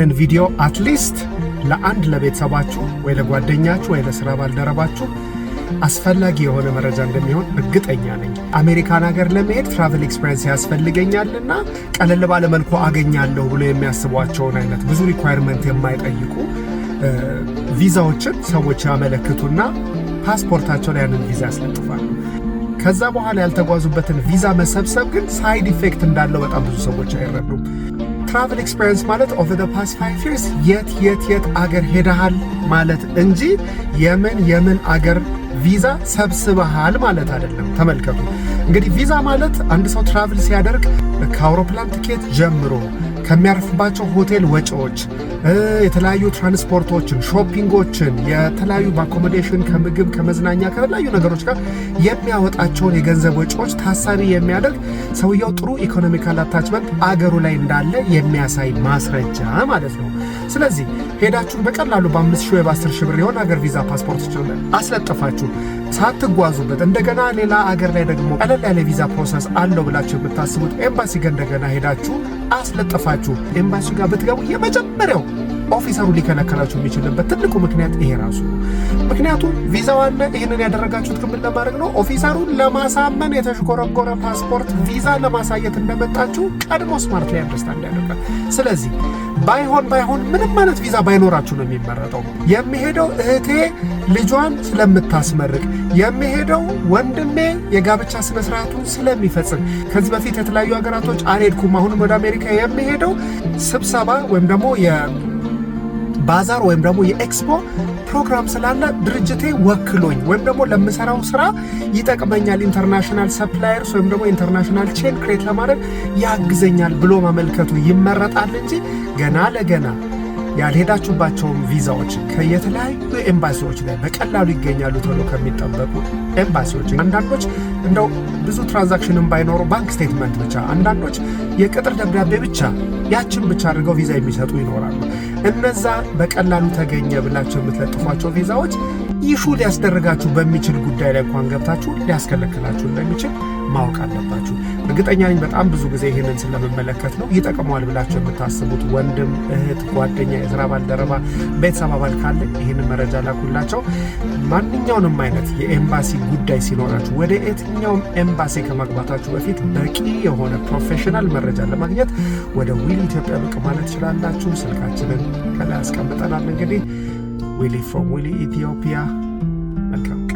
ይህንን ቪዲዮ አትሊስት ለአንድ ለቤተሰባችሁ ወይ ለጓደኛችሁ ወይ ለስራ ባልደረባችሁ አስፈላጊ የሆነ መረጃ እንደሚሆን እርግጠኛ ነኝ። አሜሪካን ሀገር ለመሄድ ትራቨል ኤክስፔሪንስ ያስፈልገኛልና ቀለል ባለ መልኩ አገኛለሁ ብሎ የሚያስቧቸውን አይነት ብዙ ሪኳየርመንት የማይጠይቁ ቪዛዎችን ሰዎች ያመለክቱና ፓስፖርታቸው ላይ ያንን ቪዛ ያስለጥፋሉ። ከዛ በኋላ ያልተጓዙበትን ቪዛ መሰብሰብ ግን ሳይድ ኢፌክት እንዳለው በጣም ብዙ ሰዎች አይረዱም። ትራቨል ኤክስፔሪንስ ማለት ኦቨ ዘ ፓስ ፋይቭ ይርስ የት የት የት አገር ሄደሃል ማለት እንጂ የምን የምን አገር ቪዛ ሰብስበሃል ማለት አይደለም። ተመልከቱ እንግዲህ ቪዛ ማለት አንድ ሰው ትራቭል ሲያደርግ ከአውሮፕላን ትኬት ጀምሮ ከሚያርፍባቸው ሆቴል ወጪዎች የተለያዩ ትራንስፖርቶችን፣ ሾፒንጎችን፣ የተለያዩ በአኮሞዴሽን ከምግብ ከመዝናኛ ከተለያዩ ነገሮች ጋር የሚያወጣቸውን የገንዘብ ወጪዎች ታሳቢ የሚያደርግ ሰውየው ጥሩ ኢኮኖሚካል አታችመንት አገሩ ላይ እንዳለ የሚያሳይ ማስረጃ ማለት ነው። ስለዚህ ሄዳችሁን በቀላሉ በአምስት ሺህ ወይ በአስር ሺህ ብር የሆነ ሀገር ቪዛ ፓስፖርት አስለጠፋችሁ ሳትጓዙበት እንደገና ሌላ አገር ላይ ደግሞ ቀለል ያለ ቪዛ ፕሮሰስ አለው ብላችሁ የምታስቡት ኤምባሲ ጋር እንደገና ሄዳችሁ አስለጥፋችሁ ኤምባሲ ጋር ብትገቡ የመጀመሪያው ኦፊሰሩ ሊከለከላችሁ የሚችልበት ትልቁ ምክንያት ይሄ ራሱ። ምክንያቱም ቪዛው አለ፣ ይህንን ያደረጋችሁት ክምን ለማድረግ ነው። ኦፊሰሩን ለማሳመን የተሽጎረጎረ ፓስፖርት ቪዛ ለማሳየት እንደመጣችሁ ቀድሞ ስማርት ላይ አንደርስታንድ ያደርጋል። ስለዚህ ባይሆን ባይሆን ምንም አይነት ቪዛ ባይኖራችሁ ነው የሚመረጠው። የሚሄደው እህቴ ልጇን ስለምታስመርቅ፣ የሚሄደው ወንድሜ የጋብቻ ስነስርዓቱን ስለሚፈጽም፣ ከዚህ በፊት የተለያዩ ሀገራቶች አልሄድኩም አሁንም ወደ አሜሪካ የሚሄደው ስብሰባ ወይም ደግሞ ባዛር ወይም ደግሞ የኤክስፖ ፕሮግራም ስላለ ድርጅቴ ወክሎኝ ወይም ደግሞ ለምሰራው ስራ ይጠቅመኛል፣ ኢንተርናሽናል ሰፕላየርስ ወይም ደግሞ ኢንተርናሽናል ቼን ክሬት ለማድረግ ያግዘኛል ብሎ መመልከቱ ይመረጣል እንጂ ገና ለገና ያልሄዳችሁባቸውን ቪዛዎች ከየተለያዩ ኤምባሲዎች ላይ በቀላሉ ይገኛሉ ተብሎ ከሚጠበቁ ኤምባሲዎች አንዳንዶች እንደው ብዙ ትራንዛክሽንም ባይኖሩ ባንክ ስቴትመንት ብቻ፣ አንዳንዶች የቅጥር ደብዳቤ ብቻ ያችን ብቻ አድርገው ቪዛ የሚሰጡ ይኖራሉ። እነዛ በቀላሉ ተገኘ ብላቸው የምትለጥፏቸው ቪዛዎች ይሹ ሊያስደረጋችሁ በሚችል ጉዳይ ላይ እንኳን ገብታችሁ ሊያስከለክላችሁ እንደሚችል ማወቅ አለባችሁ። እርግጠኛ ነኝ በጣም ብዙ ጊዜ ይህንን ስለምመለከት ነው ይጠቅመዋል ብላችሁ የምታስቡት ወንድም፣ እህት፣ ጓደኛ፣ የስራ ባልደረባ፣ ቤተሰብ አባል ካለ ይህንን መረጃ ላኩላቸው። ማንኛውንም አይነት የኤምባሲ ጉዳይ ሲኖራችሁ ወደ የትኛውም ኤምባሲ ከመግባታችሁ በፊት በቂ የሆነ ፕሮፌሽናል መረጃ ለማግኘት ወደ ዊል ኢትዮጵያ ብቅ ማለት ትችላላችሁ። ስልካችንን ከላይ አስቀምጠናል። እንግዲህ ዊሊ ፍሮም ዊሊ ኢትዮጵያ መልካም